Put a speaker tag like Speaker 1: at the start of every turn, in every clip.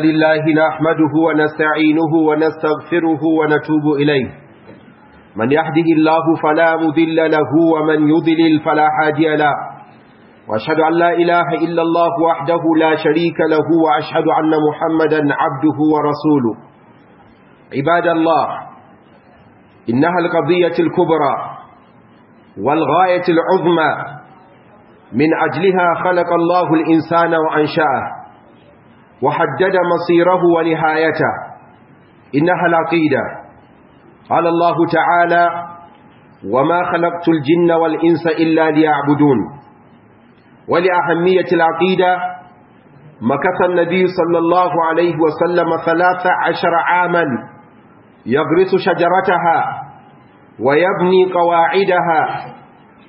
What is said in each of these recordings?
Speaker 1: لله نحمده ونستعينه ونستغفره ونتوب إليه من يحده الله فلا مذل له ومن يضلل فلا هادي له وأشهد أن لا إله إلا الله وحده لا شريك له وأشهد أن محمدا عبده ورسوله عباد الله إنها القضية الكبرى والغاية العظمى من أجلها خلق الله الإنسان وأنشأه وحدد مصيره ونهايته إنها العقيدة قال الله تعالى وما خلقت الجن والإنس إلا ليعبدون ولأهمية العقيدة مكث النبي صلى الله عليه وسلم ثلاث عشر عاما يغرس شجرتها ويبني قواعدها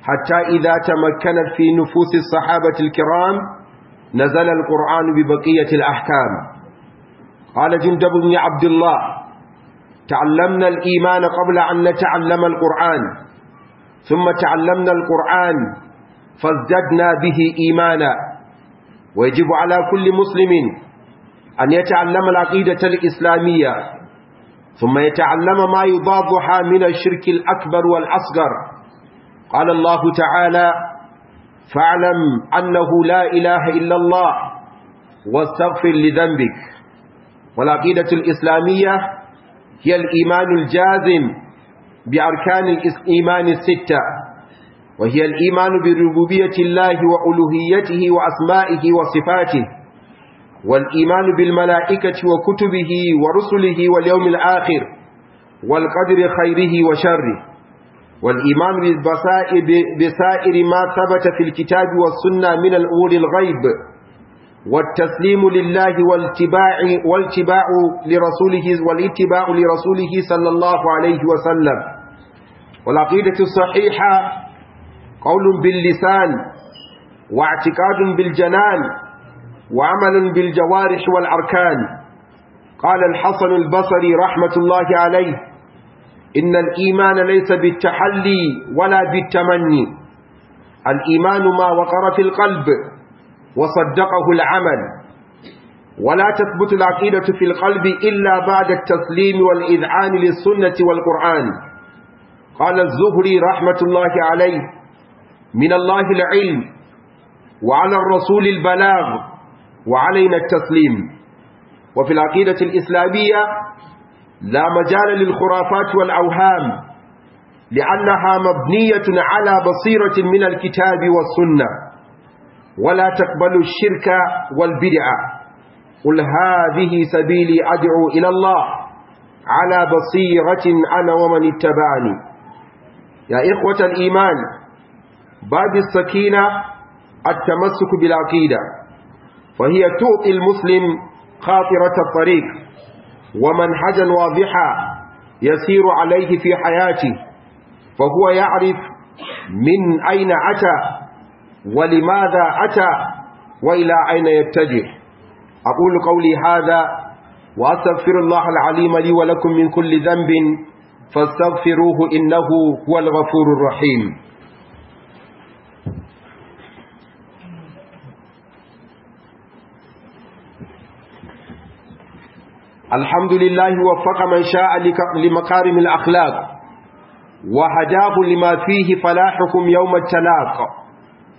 Speaker 1: حتى إذا تمكنت في نفوس الصحابة الكرام نزل القرآن ببقية الأحكام قال جندب بن عبد الله تعلمنا الإيمان قبل أن نتعلم القرآن ثم تعلمنا القرآن فازددنا به إيمانا ويجب على كل مسلم أن يتعلم العقيدة الإسلامية ثم يتعلم ما يضادها من الشرك الأكبر والأصغر قال الله تعالى فاعلم أنه لا إله إلا الله واستغفر لذنبك والعقيدة الإسلامية هي الإيمان الجازم بأركان الإيمان الستة وهي الإيمان بربوبية الله وألوهيته وأسمائه وصفاته والإيمان بالملائكة وكتبه ورسله واليوم الآخر والقدر خيره وشره والإيمان بسائر ما ثبت في الكتاب والسنة من الأمور الغيب والتسليم لله والاتباع والاتباع لرسوله والاتباع لرسوله صلى الله عليه وسلم والعقيدة الصحيحة قول باللسان واعتقاد بالجنان وعمل بالجوارح والأركان قال الحسن البصري رحمة الله عليه إن الإيمان ليس بالتحلي ولا بالتمني الإيمان ما وقر في القلب وصدقه العمل ولا تثبت العقيدة في القلب إلا بعد التسليم والإذعان للسنة والقرآن قال الزهري رحمة الله عليه من الله العلم وعلى الرسول البلاغ وعلينا التسليم وفي العقيدة الإسلامية لا مجال للخرافات والأوهام لأنها مبنية على بصيرة من الكتاب والسنة ولا تقبل الشرك والبدعة قل هذه سبيلي أدعو إلى الله على بصيرة أنا ومن اتبعني يا إخوة الإيمان باب السكينة التمسك بالعقيدة فهي تعطي المسلم خاطرة الطريق ومنهجا واضحا يسير عليه في حياته فهو يعرف من أين أتى ولماذا أتى وإلى أين يتجه أقول قولي هذا وأستغفر الله العليم لي ولكم من كل ذنب فاستغفروه إنه هو الغفور الرحيم alhamdulillahi waffaqa man sha'a limakarimil akhlaq wa hadahu lima fihi falahukum yawm at-talaq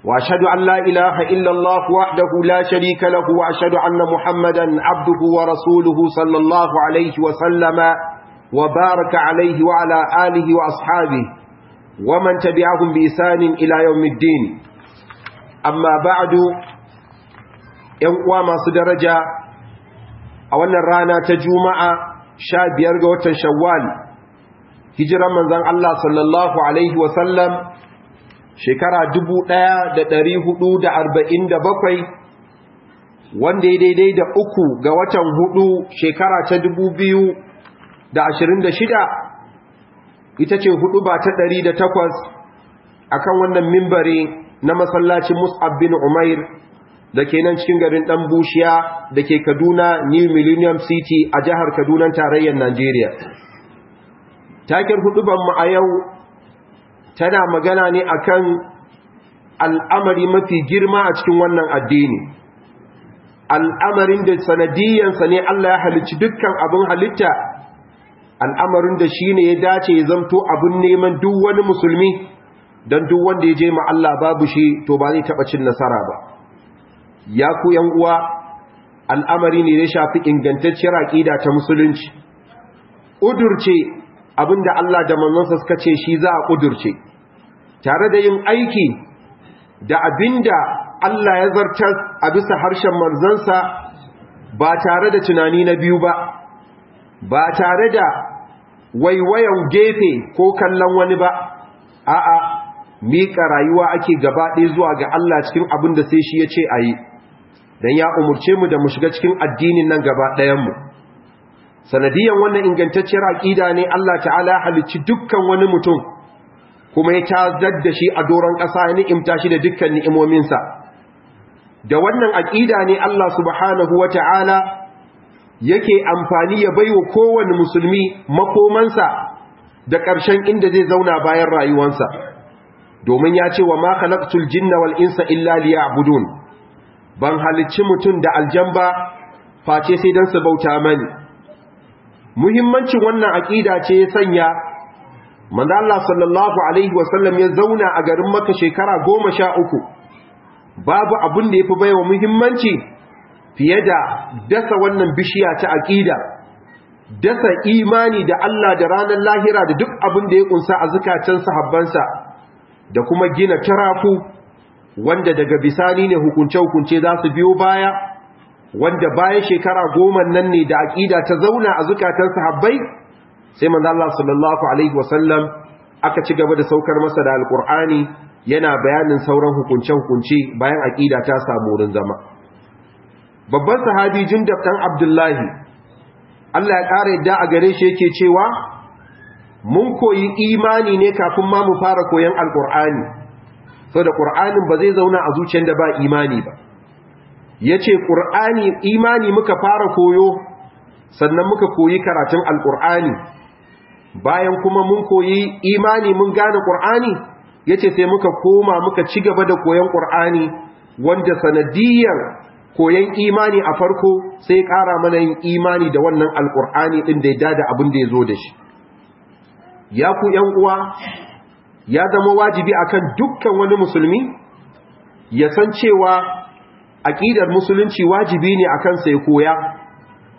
Speaker 1: wa ashhadu an la ilaha Allah wahdahu la sharika lahu wa ashhadu Muhammadan abduhu wa rasuluhu sallallahu alayhi wa sallama wa baraka wa ala alihi wa ashabihi ومن تبعهم بإسان إلى يوم Amma أما yan uwa masu daraja. a wannan rana ta juma'a sha biyar ga watan shawwal hijiran manzan Allah sallallahu alaihi wasallam shekara dubu ɗaya da ɗari hudu da arba'in da bakwai wanda ya daidai da uku ga watan hudu shekara ta dubu biyu da ashirin da shida ita ce hudu ba ta ɗari da takwas a kan wannan mimbari na masallacin mus'ab bin umair da ke nan cikin garin ɗan bushiya da ke kaduna new millennium city a jihar kaduna tarayyar nigeria takin hudubanmu a yau tana magana ne akan al'amari mafi girma a cikin wannan addini al'amarin da sanadiyyansa ne Allah ya halicci dukkan abin halitta al'amarin da shi ne ya dace ya zamto abin neman duk wani musulmi don duk wanda ya je ma Allah babu shi to ba zai taɓa cin nasara ba ya ku yan uwa al'amari ne ya shafi ingantacciyar aƙida ta musulunci ƙudurce abinda Allah da manzansa suka ce shi za a ƙudurce tare da yin aiki da abinda Allah ya zartar a bisa harshen manzansa ba tare da tunani na biyu ba ba tare da waiwayan gefe ko kallon wani ba a'a miƙa rayuwa ake gaba ɗaya zuwa ga Allah cikin abinda sai shi ya ce a yi don ya umurce mu da mu shiga cikin addinin nan gaba mu, sanadiyan wannan ingantacciyar aƙida ne Allah ta'ala ya halicci dukkan wani mutum kuma ya tazar da shi a doron ƙasa ya ni'imta shi da dukkan ni'imominsa da wannan aƙida ne Allah subhanahu wa ta'ala yake amfani ya baiwa kowane musulmi makomansa da ƙarshen inda zai zauna bayan rayuwansa domin ya ce wa ma khalaqtul jinna wal insa illa liya'budun ban halicci mutum da aljan ba face sai don su bauta mani muhimmancin wannan aƙida ce ya sanya manzo Allah sallallahu alaihi wasallam ya zauna a garin Makka shekara goma sha uku babu abin da yafi baiwa muhimmanci fiye da dasa wannan bishiya ta aƙida dasa imani da Allah da ranar lahira da duk abin da ya kunsa a zukatan sahabbansa da kuma gina tarafu wanda daga bisani ne hukunce-hukunce za su biyo baya wanda bayan shekara goma nan ne da aƙida ta zauna a zukatan sahabbai sai manzo Allah sallallahu alaihi wasallam aka ci gaba da saukar masa da alqur'ani yana bayanin sauran hukunce-hukunce bayan aƙida ta samu wurin zama babban sahabi Jundab kan Abdullahi Allah ya ƙara yadda a gare shi yake cewa mun koyi imani ne kafin ma mu fara koyon alqur'ani so da ƙur'anin ba zai zauna a zuciyar da ba imani ba ya ce ƙur'ani imani muka fara koyo sannan muka koyi karatun alƙur'ani bayan kuma mun koyi imani mun gane ƙur'ani ya ce sai muka koma muka ci gaba da koyon ƙur'ani wanda sanadiyar koyon imani a farko sai ƙara mana yin imani da wannan alƙur'ani ɗin da ya dada abin da ya zo da shi ya ku ‘yan uwa ya zama wajibi akan dukkan wani musulmi ya san cewa aƙidar musulunci wajibi ne akan sai koya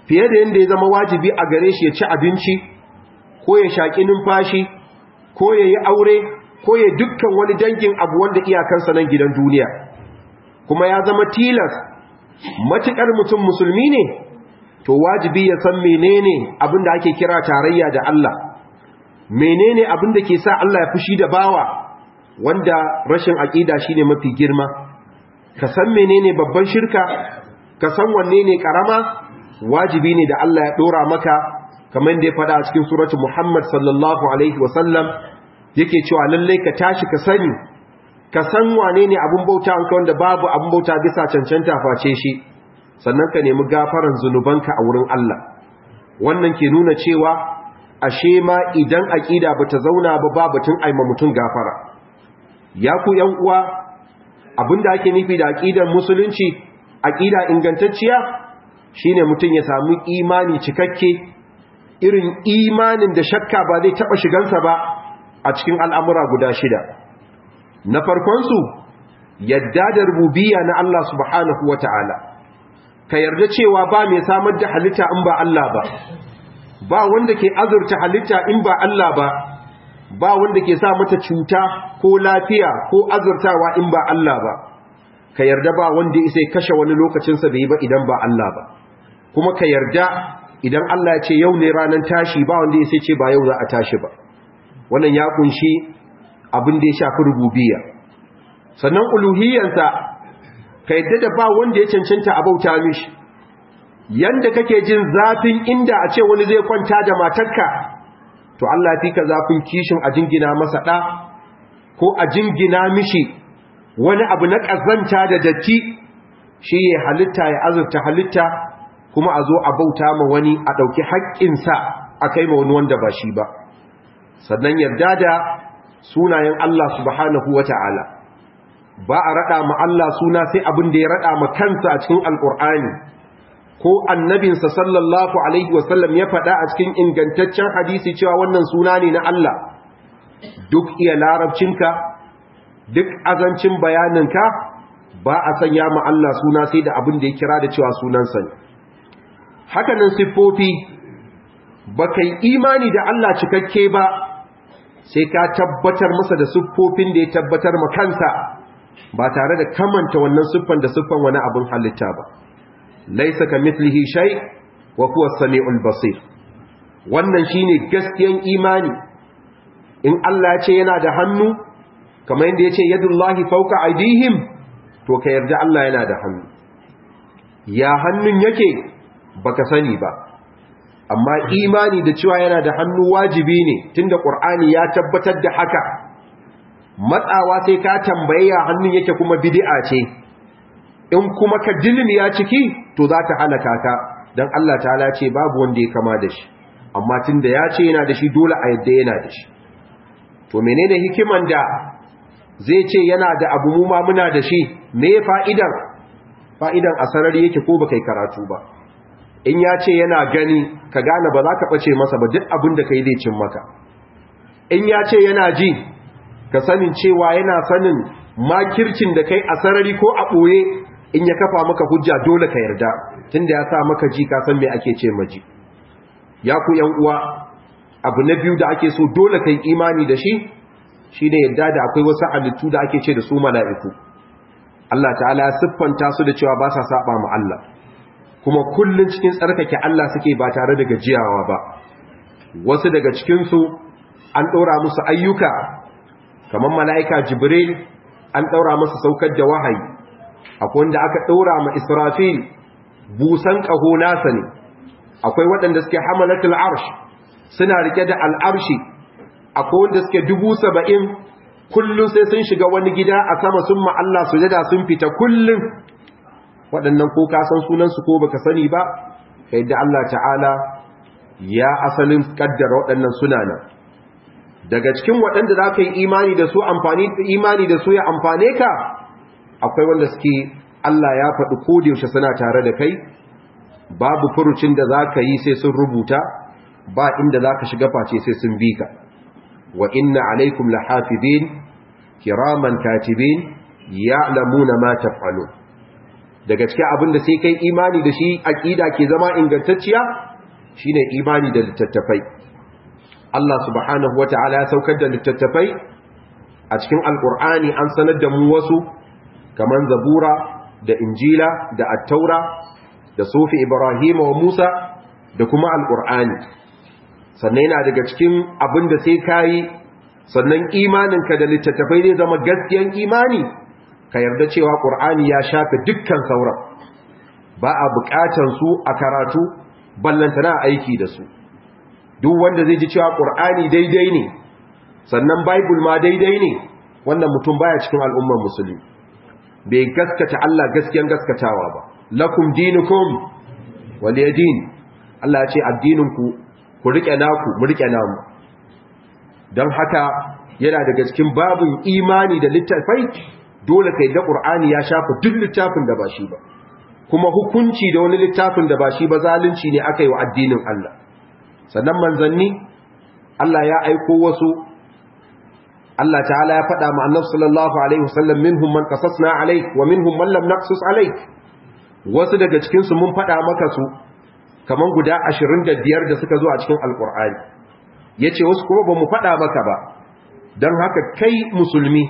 Speaker 1: fiye da yadda ya zama wajibi a gare shi ya ci abinci ko ya shaƙi numfashi ko ya yi aure ko ya dukkan wani dangin abu wanda iyakansa nan gidan duniya kuma ya zama tilas matuƙar mutum musulmi ne to wajibi ya san menene abin da ake kira tarayya da Allah menene abin da ke sa Allah ya fushi da bawa wanda rashin aqida shine mafi girma ka san menene babban shirka ka san wanne ne karama wajibi ne da Allah ya dora maka kamar da ya faɗa a cikin suratul Muhammad sallallahu alaihi sallam yake cewa lalle ka tashi ka sani ka san wane ne abin bauta anka wanda babu abin bauta bisa cancanta face shi sannan ka nemi gafaran zunubanka a wurin Allah wannan ke nuna cewa ashe ma idan aƙida ba ta zauna ba ba batun aima mutum gafara ya ku ‘yan uwa abinda ake nufi da aƙidar musulunci aƙida ingantacciya shine mutum ya samu imani cikakke irin imanin da shakka ba zai taɓa shigansa ba a cikin al'amura guda shida na farkonsu yadda da rububiya na Allah subhanahu wata'ala ka yarda cewa ba mai samar da halitta in ba Allah ba ba wanda ke azurta halitta in ba Allah ba ba wanda ke sa mata cuta ko lafiya ko azurtawa in ba Allah ba ka yarda ba wanda ya kashe wani lokacinsa bai ba idan ba Allah ba kuma ka yarda idan Allah ya ce yau ne ranan tashi ba wanda ya ce ba yau za a tashi ba wannan ya kunshi abin da ya shafi rububiyya sannan uluhiyyansa ka yarda da ba wanda ya cancanta a bauta mishi yanda kake jin zafin inda a ce wani zai kwanta da matarka to Allah fi ka zafin kishin a jingina masa ɗa ko a jingina mishi wani abu na ƙazanta da datti shi ya halitta ya azurta halitta kuma a zo a bauta ma wani a ɗauki haƙƙinsa a kai ma wani wanda ba shi ba sannan yarda da sunayen Allah subhanahu wa ta'ala ba a raɗa ma Allah suna sai abin da ya raɗa ma kansa a cikin alƙur'ani ko annabinsa sallallahu alaihi wasallam ya faɗa a cikin ingantaccen hadisi cewa wannan suna ne na Allah duk iya larabcinka duk azancin bayaninka ba a sanya ma Allah suna sai da abin da ya kira da cewa sunansa ne hakanan siffofi ba kai imani da Allah cikakke ba sai ka tabbatar masa da siffofin da ya tabbatar ma kansa ba tare da kamanta wannan siffan da siffan wani abin halitta ba laisa ka mislihi shay wa huwa samiul basir wannan shine gaskiyan imani in Allah ya ce yana da hannu kamar yadda yace yadullahi fawqa aydihim to ka yarda Allah yana da hannu ya hannun yake baka sani ba amma imani da cewa yana da hannu wajibi ne tunda qur'ani ya tabbatar da haka matsawa sai ka tambaye ya hannun yake kuma bid'a ce in kuma ka ya ciki to za ta halaka ka don Allah ta'ala ce babu wanda ya kama da shi amma tun da ya ce yana da shi dole a yadda yana da shi to menene hikiman da zai ce yana da abu mu ma muna da shi me fa'idan fa'idan a sarari yake ko baka yi karatu ba in ya ce yana gani ka gane ba za ka ɓace masa ba duk abin da ka zai cin maka in ya ce yana ji ka sanin cewa yana sanin makircin da kai a sarari ko a ɓoye in ya kafa maka hujja dole ka yarda tunda ya sa maka ji ka san me ake ce maji ya ku yan uwa abu na biyu da ake so dole kai imani da shi shine yarda da akwai wasu halittu da ake ce da su mala'iku Allah ta'ala ya siffanta su da cewa ba sa saba ma Allah kuma kullun cikin tsarkake Allah suke ba tare da gajiyawa ba wasu daga cikin su an ɗora musu ayyuka kamar mala'ika jibril an ɗaura musu saukar da wahayi akwai wanda aka ɗora ma israfil busan ƙaho nasa ne akwai waɗanda suke hamalatul arsh suna rike da al'arshi akwai wanda suke dubu saba'in kullum sai sun shiga wani gida a sama sun ma'alla su jada sun fita kullum waɗannan ko ka san sunansu ko baka sani ba ka da Allah ta'ala ya asalin kaddara waɗannan sunana daga cikin waɗanda za ka yi imani da su amfani da su ya amfane ka akwai wanda suke Allah ya faɗi ko da yaushe suna tare da kai babu furucin da za ka yi sai sun rubuta ba inda za ka shiga face sai sun bi ka wa inna alaikum lahafizin kiraman katibin ya'lamuna ma taf'alun daga cikin abin da sai kai imani da shi aƙida ke zama ingantacciya shine imani da littattafai Allah subhanahu ta'ala ya saukar da littattafai a cikin alqur'ani an sanar da mu wasu kamar zabura da injila da attaura da sufi ibrahim wa musa da kuma Alƙur'ani. sannan yana daga cikin abin da sai kayi sannan imaninka da littattafai zai zama gaskiyan imani ka yarda cewa ƙur'ani ya shafe dukkan sauran ba a bukatan su a karatu ballantana aiki da su duk wanda zai ji cewa ƙur'ani daidai ne sannan bible ma daidai ne wannan mutum baya cikin al'ummar musulmi bai gaskata Allah gaskiyan gaskatawa ba lakum dinukum waliyadin Allah ya ce addininku ku rike naku mu rike namu don haka yana daga cikin babin imani da littafai dole kai da Qur'ani ya shafa duk littafin da ba shi ba kuma hukunci da wani littafin da ba shi ba zalunci ne aka yi wa addinin Allah sannan manzanni Allah ya aiko wasu Allah ta'ala ya faɗa ma annabi sallallahu alaihi wasallam minhum man qasasna alaik wa minhum man lam naqsus alaik wasu daga cikin su mun faɗa maka su kaman guda 25 da suka zo a cikin alqur'ani yace wasu kuma ba mu faɗa maka ba dan haka kai musulmi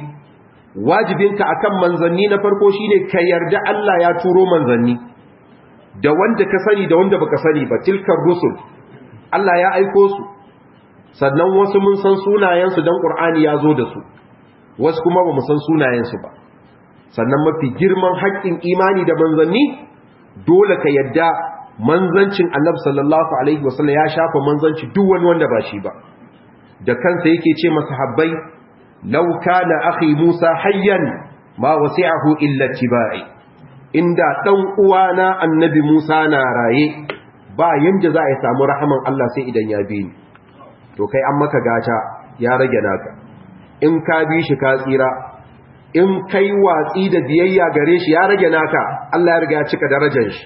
Speaker 1: wajibinka akan manzanni na farko shine ka yarda Allah ya turo manzanni da wanda ka sani da wanda baka sani ba tilkar rusul Allah ya aiko su sannan wasu mun san sunayensu don ƙur'ani ya zo da su wasu kuma ba mu san sunayensu ba sannan mafi girman haƙƙin imani da manzanni dole ka yadda manzancin annabi sallallahu alaihi wasallam ya shafa manzanci duk wani wanda ba shi ba da kansa yake ce masa habbai law kana akhi musa hayyan ma wasi'ahu illa tibai inda dan uwana annabi musa na raye ba yanda za a samu rahaman Allah sai idan ya bi ni to kai an maka gata ya rage naka in ka bi shi ka tsira in kai watsi da biyayya gare shi ya rage naka Allah ya riga ya cika darajar shi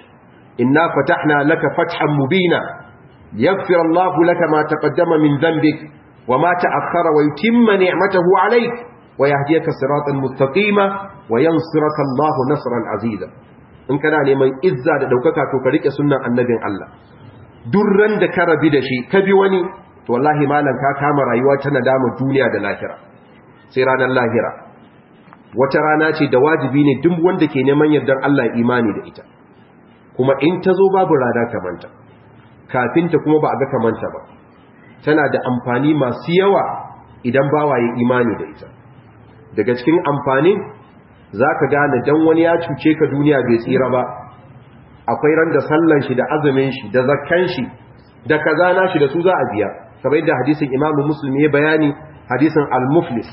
Speaker 1: inna fatahna laka fathan mubina yaghfir Allah laka ma taqaddama min dhanbik wa ma ta'akhkhara wa yutimma ni'matahu alayk wa yahdiyaka siratan mustaqima wa yansuraka Allah nasran aziza in kana neman izza da daukaka to ka rike sunnan annabin Allah durran da ka rabi da shi ka bi wani to wallahi malam ka kama rayuwa ta nadama duniya da lahira sai ranar lahira wata rana ce da wajibi ne duk wanda ke neman yardar Allah imani da ita kuma in ta zo babu rada kamanta kafin ta kuma ba a ga kamanta ba tana da amfani masu yawa idan bawaye imani da ita daga cikin amfani za ka gane dan wani ya cuce ka duniya bai tsira ba akwai ran da sallan shi da azumin shi da zakkan shi da kaza shi da su za a biya kamar yadda hadisin imamu musulmi ya bayani hadisin al-muflis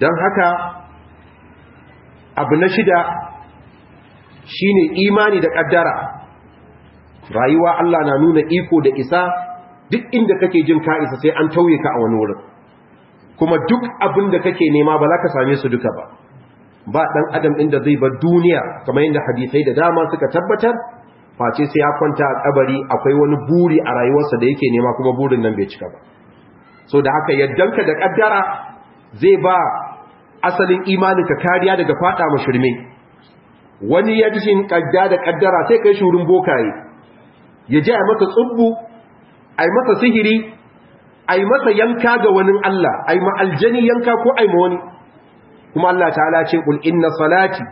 Speaker 1: don haka abu na shida shine imani da ƙaddara rayuwa Allah na nuna iko da isa duk inda kake jin ka isa sai an tauye ka a wani wurin kuma duk abin da kake nema ba za ka same su duka ba ba ɗan adam inda zai bar duniya kamar yadda hadisai da dama suka tabbatar face sai ya kwanta a kabari akwai wani buri a rayuwarsa da yake nema kuma burin nan bai cika ba so da haka yaddanka da kaddara zai ba asalin imanin ka kariya daga fada shirme. wani ya ji kadda da kaddara sai kai shurin bokaye ya ji a masa tsubbu a masa sihiri a masa yanka ga wani Allah a ma aljani yanka ko a ma wani kuma Allah ta'ala ce kul inna salati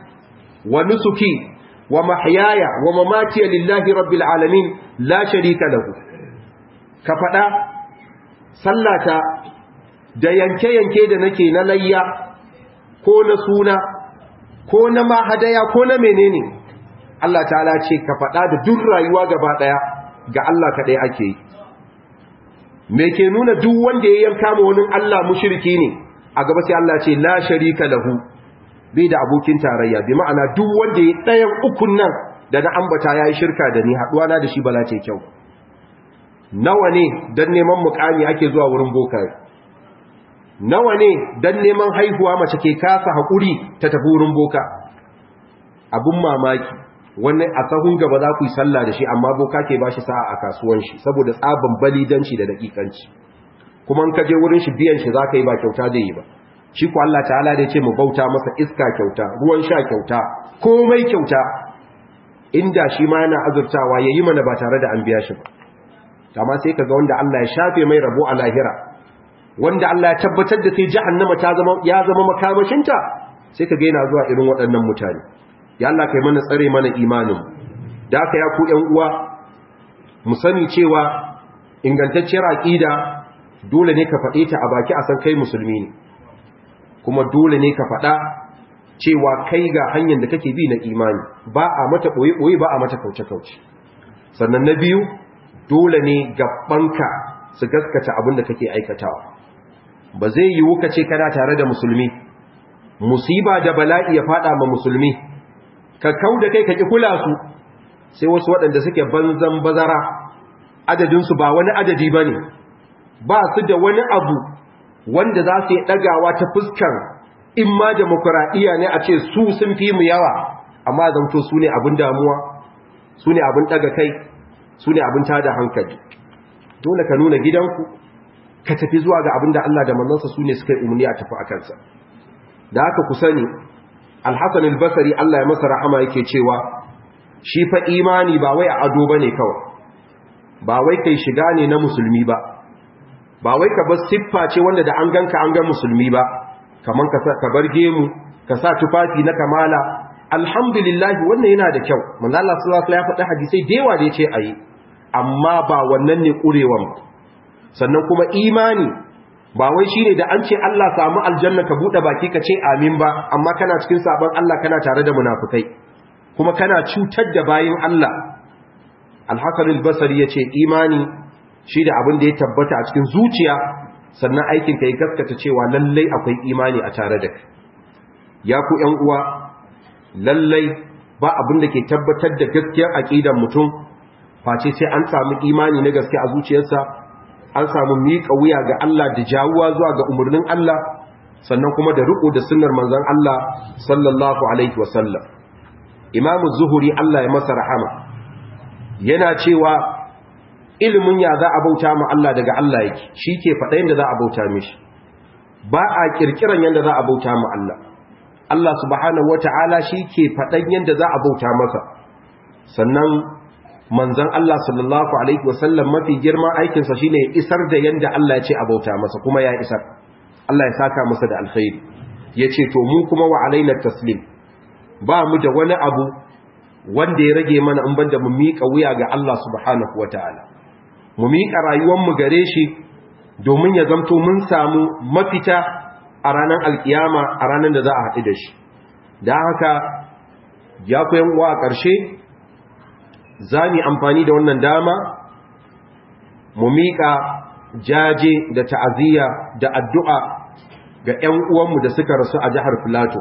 Speaker 1: wa nusuki wa mahyaya wa mamati lillahi rabbil alamin la sharika lahu ka fada sallata da yanke yanke da nake na layya ko na suna ko na mahadaya ko na menene Allah ta'ala ce ka faɗa da duk rayuwa gaba ɗaya ga Allah kaɗai ake yi me ke nuna duk wanda ya yanka ma wani Allah mushriki ne a gaba sai Allah ce la sharika lahu bai da abokin tarayya bi ma'ana duk wanda ya ɗayan ukun nan da na ambata ya yi shirka da ni haɗuwa na da shi bala ce kyau nawa ne don neman mukami ake zuwa wurin bokar? nawa ne don neman haihuwa mace ke kasa haƙuri ta tafi wurin boka abin mamaki wannan a sahun gaba za ku yi sallah da shi amma boka ke ba shi sa'a a kasuwan shi saboda tsaban balidanci da daƙiƙanci. kuma in ka je wurin shi biyan shi za ka yi ba kyauta zai yi ba shi ku Allah ta'ala da ce mu bauta masa iska kyauta ruwan sha kyauta komai kyauta inda shi ma yana azurtawa ya yi mana ba tare da an biya shi ba amma sai ka ga wanda Allah ya shafe mai rabo a lahira wanda Allah ya tabbatar da sai jahannama ta zama ya zama makamashinta sai ka ga yana zuwa irin waɗannan mutane ya Allah kai mana tsare mana imanin da aka ya ku ƴan uwa mu sani cewa ingantacciyar aqida dole ne ka faɗe ta a baki a san kai musulmi ne kuma dole ne ka faɗa cewa kai ga hanyar da kake bi na imani ba a mata ɓoye-ɓoye ba a mata kauce-kauce sannan na biyu dole ne gabanka su gaskata abin da kake aikatawa ba zai yi wuka ce kana tare da musulmi musiba da bala'i ya faɗa ma musulmi ka kau da kai ka ki kula su sai wasu waɗanda suke banzan bazara adadinsu ba wani adadi ba ne ba su da wani abu wanda za su yi ɗagawa ta fuskar in ma demokuraɗiyya ne a ce su sun fi mu yawa amma zanto su ne abin damuwa su ne abin ɗaga kai su ne abin tada hankali dole ka nuna gidanku ka tafi zuwa ga abin da Allah da mallansa su ne suka yi umarni a tafi a kansa da haka ku sani alhassan albasari Allah ya masa rahama yake cewa shi fa imani ba wai a ado ba kawai ba wai kai shiga ne na musulmi ba ba wai ka bar siffa ce wanda da an ganka an ga musulmi ba kaman ka bar gemu ka sa tufafi na kamala alhamdulillah wannan yana da kyau manzo Allah sallallahu alaihi wasallam ya faɗa hadisi da yawa da yace ayi amma ba wannan ne kurewan ba sannan kuma imani ba wai shine da an ce Allah samu aljanna ka bude baki ka ce amin ba amma kana cikin sabon Allah kana tare da munafikai kuma kana cutar da bayin Allah al basari yace imani shi da abin da ya tabbata a cikin zuciya sannan aikin ka yi gaskata cewa lallai akwai imani a tare da ya ku ‘yan uwa lallai ba abin da ke tabbatar da gaskiyar aƙidar mutum face sai an samu imani na gaske a zuciyarsa an samu miƙa wuya ga Allah da jawuwa zuwa ga umarnin Allah sannan kuma da riƙo da sunnar manzan Allah sallallahu alaihi wasallam Imam Zuhuri Allah ya masa rahama yana cewa ilimin ya za a bauta ma Allah daga Allah yake shi ke faɗa yadda za a bauta mishi ba a ƙirƙiran yadda za a bauta ma Allah Allah subhanahu wata'ala shi ke faɗan yadda za a bauta masa sannan manzan Allah sallallahu alaihi wasallam mafi girma aikinsa shine ya isar da yadda Allah ya ce a bauta masa kuma ya isar Allah ya saka masa da alkhairi ya ce to mu kuma wa na taslim ba mu da wani abu wanda ya rage mana in banda mu miƙa wuya ga Allah subhanahu ta'ala. mu miƙa rayuwanmu gare shi domin ya zamto mun samu mafita a ranar alkiyama a ranar da za a haɗu da shi da haka ya koyan uwa a ƙarshe za mu amfani da wannan dama mu miƙa jaje da ta'aziyya da addu'a ga ‘yan uwanmu da suka rasu a jihar Filato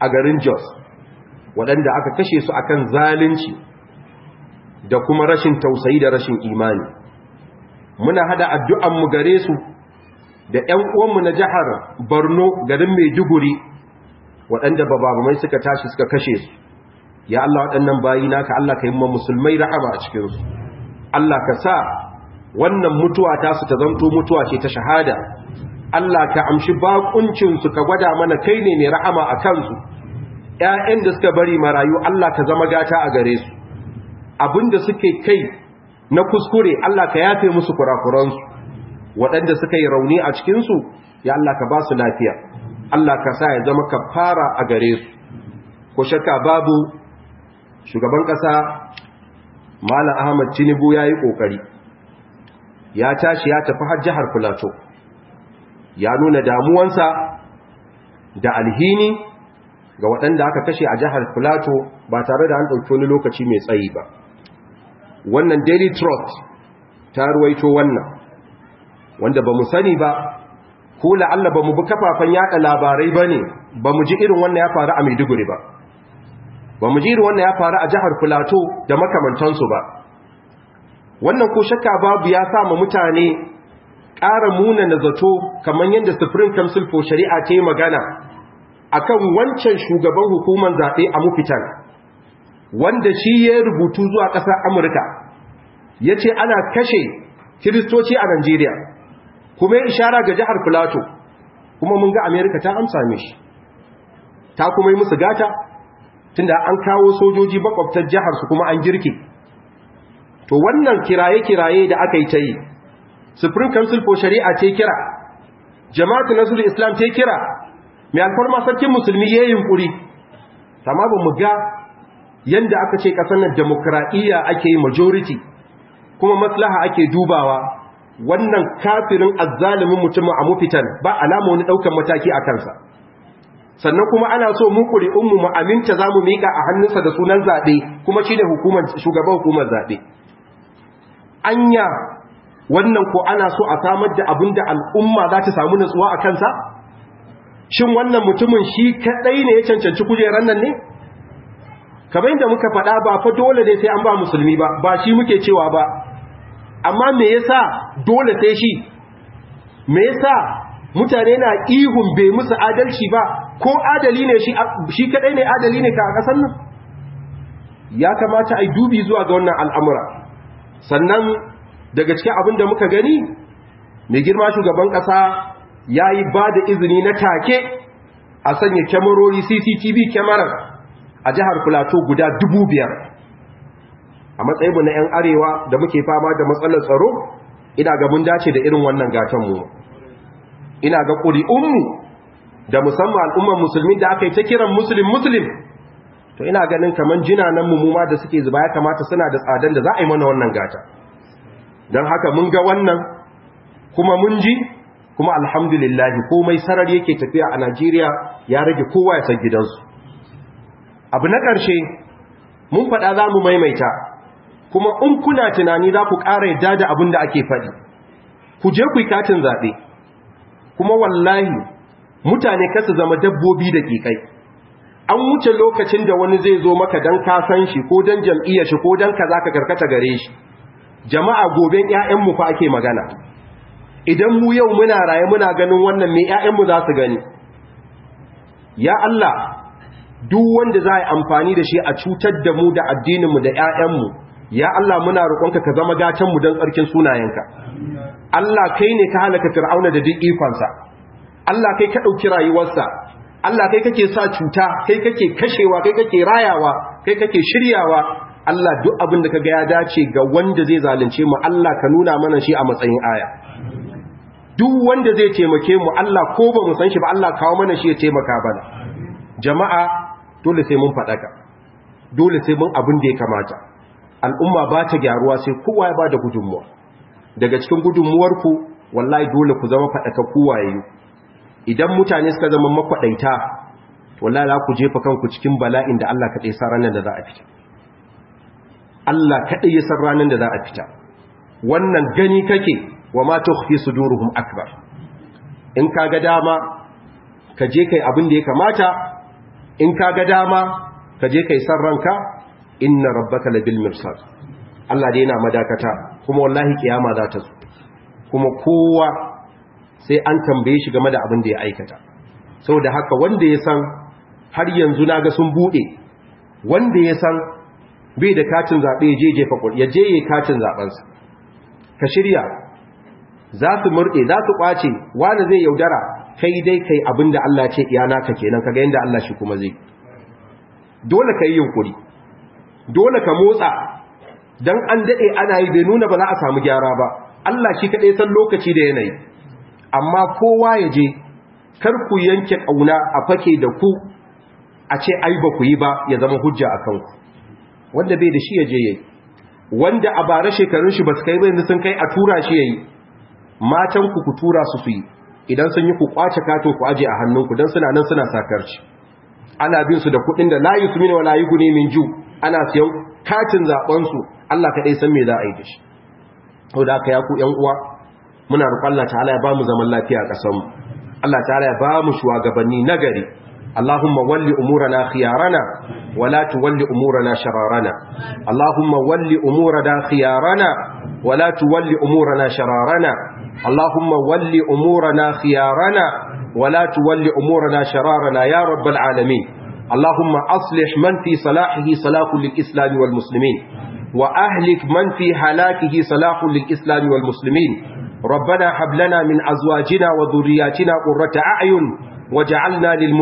Speaker 1: a garin Jos waɗanda aka kashe su akan zalunci da kuma rashin tausayi da rashin imani muna hada addu'an mu gare su da ƴan uwanmu na jihar Borno garin Maiduguri waɗanda bababamai suka tashi suka kashe su ya Allah waɗannan bayi naka Allah ka yi ma musulmai rahama a cikin su Allah ka sa wannan mutuwa ta su ta zanto mutuwa ce ta shahada Allah ka amshi bakuncin su ka gwada mana kai ne mai rahama a kansu ƴaƴan da suka bari marayu Allah ka zama gata a gare su da suke kai na kuskure Allah ka yafe musu kurakuransu waɗanda suka yi rauni a cikinsu ya Allah ka ba su lafiya Allah ka sa ya zama kafara a gare su ko shakka babu shugaban ƙasa Malam Ahmad Tinubu ya yi ƙoƙari ya tashi ya tafi har jihar Filato ya nuna damuwansa da alhini ga waɗanda aka kashe a jihar Filato ba tare da an ɗauki wani lokaci mai tsayi ba wannan daily trust ta ruwaito wannan wanda ba mu sani ba ko la'alla ba mu bi kafafen yada labarai ba ne ba mu ji irin wannan ya faru a maiduguri ba ba mu ji irin wannan ya faru a jihar filato da makamantansu ba wannan ko shakka babu ya sa ma mutane ƙara muna na zato kamar yadda supreme council for shari'a ta yi magana akan wancan shugaban hukumar zaɓe a mufitan wanda shi ya rubutu zuwa ƙasar amurka ya ce ana kashe kiristoci a Najeriya kuma ya ishara ga jihar Filato kuma mun ga Amerika ta amsa mishi ta kuma yi musu gata tunda an kawo sojoji bakwabtar jihar su kuma an girki to wannan kiraye-kiraye da aka yi ta yi Supreme Council for Shari'a ta kira Jama'atu Nasrul Islam ta kira mai alfarma sarkin musulmi yayin kuri amma ba mu ga Yadda aka ce ƙasar nan demokradiyya ake yi majority kuma maslaha ake dubawa wannan kafirin azzalimin mutum a mufitan ba alama wani ɗaukan mataki a kansa sannan kuma ana so mu ƙuri'unmu mu aminta za mu miƙa a hannunsa da sunan zaɓe kuma shi ne shugaban hukumar zaɓe anya wannan ko ana so a samar da abin da al'umma za ta samu natsuwa a kansa shin wannan mutumin shi kaɗai ne ya cancanci kujerar nan ne kamar inda muka faɗa ba fa dole ne sai an ba musulmi ba ba shi muke cewa ba amma me yasa dole sai shi me yasa mutane na ihun bai musu adalci ba ko adali ne shi kadai ne adali ne ka a ƙasar nan ya kamata a dubi zuwa ga wannan al'amura sannan daga cikin abin da muka gani mai girma shugaban ƙasa ya yi ba da izini na take a sanya kyamarori cctv kyamarar a jihar plateau guda dubu biyar a matsayinmu na 'yan arewa da muke fama da matsalar tsaro ina ga mun dace da irin wannan gatanmu ina ga ƙuri'unmu da musamman al'ummar musulmi da aka yi ta kiran musulun musulun to ina ganin kamar jinanan muma da suke zuba ya kamata suna da tsadan da za a yi mana wannan gata don haka mun ga wannan kuma mun ji kuma alhamdulillahi komai sarar yake tafiya a najeriya ya rage kowa ya san gidansu abu na ƙarshe mun faɗa za mu maimaita kuma in kuna tunani za ku ƙara yadda da abin da ake faɗi ku je ku yi katin zaɓe kuma wallahi mutane kasa zama dabbobi da ƙiƙai an wuce lokacin da wani zai zo maka don kasan shi ko don jam'iyyar shi ko don ka za ka karkata gare shi jama'a gobe 'ya'yanmu fa ake magana idan mu yau muna raye muna ganin wannan me 'ya'yanmu za su gani ya Allah duk wanda za a amfani da shi a cutar da mu da addininmu da 'ya'yanmu ya Allah muna roƙonka ka zama gatanmu don tsarkin sunayenka Allah kai ne ka halaka fir'auna da duk ikonsa Allah kai ka ɗauki rayuwarsa Allah kai kake sa cuta kai kake kashewa kai kake rayawa kai kake shiryawa Allah duk abin da ga ya dace ga wanda zai zalunce mu Allah ka nuna mana shi a matsayin aya duk wanda zai taimake mu Allah ko ba mu san shi ba Allah kawo mana shi ya taimaka bana jama'a dole sai mun faɗaka dole sai mun abin da ya kamata al'umma ba ta gyaruwa sai kowa ya ba da gudunmuwa daga cikin gudunmuwarku wallahi dole ku zama faɗaka kowaye idan mutane suka zama makwaɗaita wallahi za ku jefa kanku cikin bala'in da Allah kaɗai sa ranar da za a fita Allah kaɗai ya san ranar da za a fita wannan gani kake wa ma tukhfi sudurhum akbar in ka ga dama ka je kai abin da ya kamata in ka ga dama ka je kai san ranka inna rabbaka labil mirsad Allah dai yana madakata kuma wallahi kiyama za ta zo kuma kowa sai an tambaye shi game da abin da ya aikata saboda haka wanda ya san har yanzu na ga sun bude wanda ya san bai da katin zabe ya je jefa ya je ya katin sa, ka shirya za su murde za su kwace wani zai yaudara kai dai kai da Allah ce iya ka kenan kaga yadda Allah shi kuma zai dole kai yunkuri dole ka motsa dan an daɗe ana yi bai nuna ba za a samu gyara ba Allah shi kadai san lokaci da yanayi amma kowa ya je kar ku yanke ƙauna a fake da ku a ce ai ba ku yi ba ya zama hujja a kanku wanda bai da shi ya je yayi wanda a bara shekarun shi ba su kai ba sun kai a tura shi yayi matan ku ku tura su su yi idan sun yi ku kwace kato ku aje a hannunku don suna nan suna sakarci ana bin su da kuɗin da layu su mini wa layu min ju ana siyan katin zaɓensu Allah kaɗai san me za a yi da shi ko da aka ya ku ‘yan uwa muna roƙon Allah ta'ala ya ba mu zaman lafiya a mu Allah ta'ala ya ba mu shugabanni nagari اللهم ول أمورنا خيارنا ولا تول أمورنا شرارنا اللهم ول خيارنا ولا تول شرارنا Allahumma walli umurana khiyarana wa la tuwalli umurana shararana ya rabbal alamin. Allahumma aslih man fi salahihi salahu lil islam wal muslimin wa ahlik man fi halakihi salahu lil islam wal muslimin. Rabbana hablana min azwajina wa dhurriyyatina qurrata a'yun waj'alna lil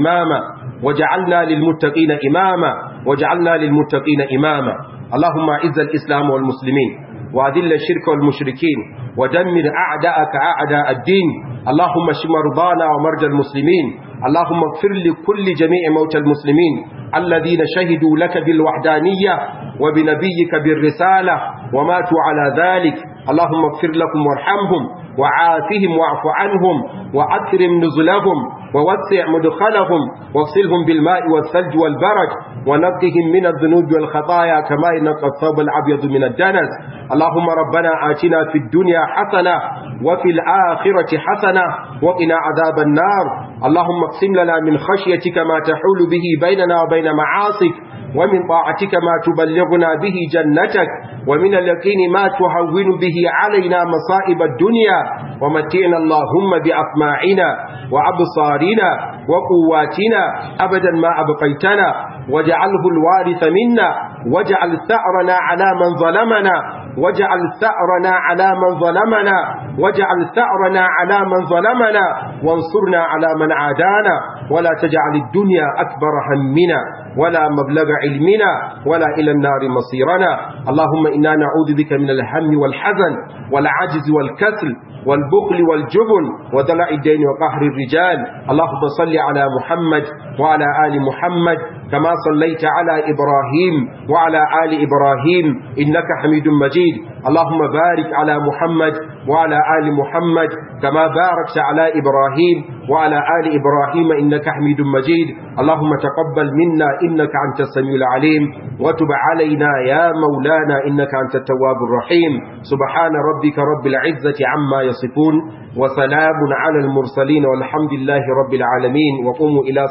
Speaker 1: imama waj'alna lil muttaqina imama waj'alna lil muttaqina imama. Allahumma izzal islam wal muslimin. وأذل الشرك والمشركين ودمر أعداءك أعداء الدين اللهم اشف مرضانا ومرجى المسلمين اللهم اغفر لكل جميع موتى المسلمين الذين شهدوا لك بالوحدانية وبنبيك بالرسالة وماتوا على ذلك اللهم اغفر لكم وارحمهم وعافهم واعف عنهم وأكرم نزلهم ووسع مدخلهم واغسلهم بالماء والثلج والبرك ونقهم من الذنوب والخطايا كما ينقى الثوب الابيض من الدنس اللهم ربنا آتنا في الدنيا حسنه وفي الاخره حسنه وقنا عذاب النار اللهم اقسم لنا من خشيتك ما تحول به بيننا وبين معاصيك ومن طاعتك ما تبلغنا به جنتك ومن اليقين ما تهون به علينا مصائب الدنيا ومتعنا اللهم بأطماعنا وأبصارنا وقواتنا أبدا ما أبقيتنا واجعله الوارث منا واجعل ثأرنا على من ظلمنا واجعل ثأرنا على من ظلمنا واجعل ثأرنا على من ظلمنا وانصرنا على من عادانا ولا تجعل الدنيا أكبر همنا ولا مبلغ علمنا ولا إلى النار مصيرنا اللهم إنا نعوذ بك من الهم والحزن والعجز والكسل والبخل والجبن ودلع الدين وقهر الرجال اللهم صل على محمد وعلى آل محمد كما صليت على إبراهيم وعلى آل إبراهيم إنك حميد مجيد اللهم بارك على محمد وعلى آل محمد كما باركت على إبراهيم وعلى آل إبراهيم إنك حميد مجيد اللهم تقبل منا إنك أنت السميع العليم وتب علينا يا مولانا إنك أنت التواب الرحيم سبحان ربك رب العزة عما يصفون وسلام على المرسلين والحمد لله رب العالمين وقوموا إلى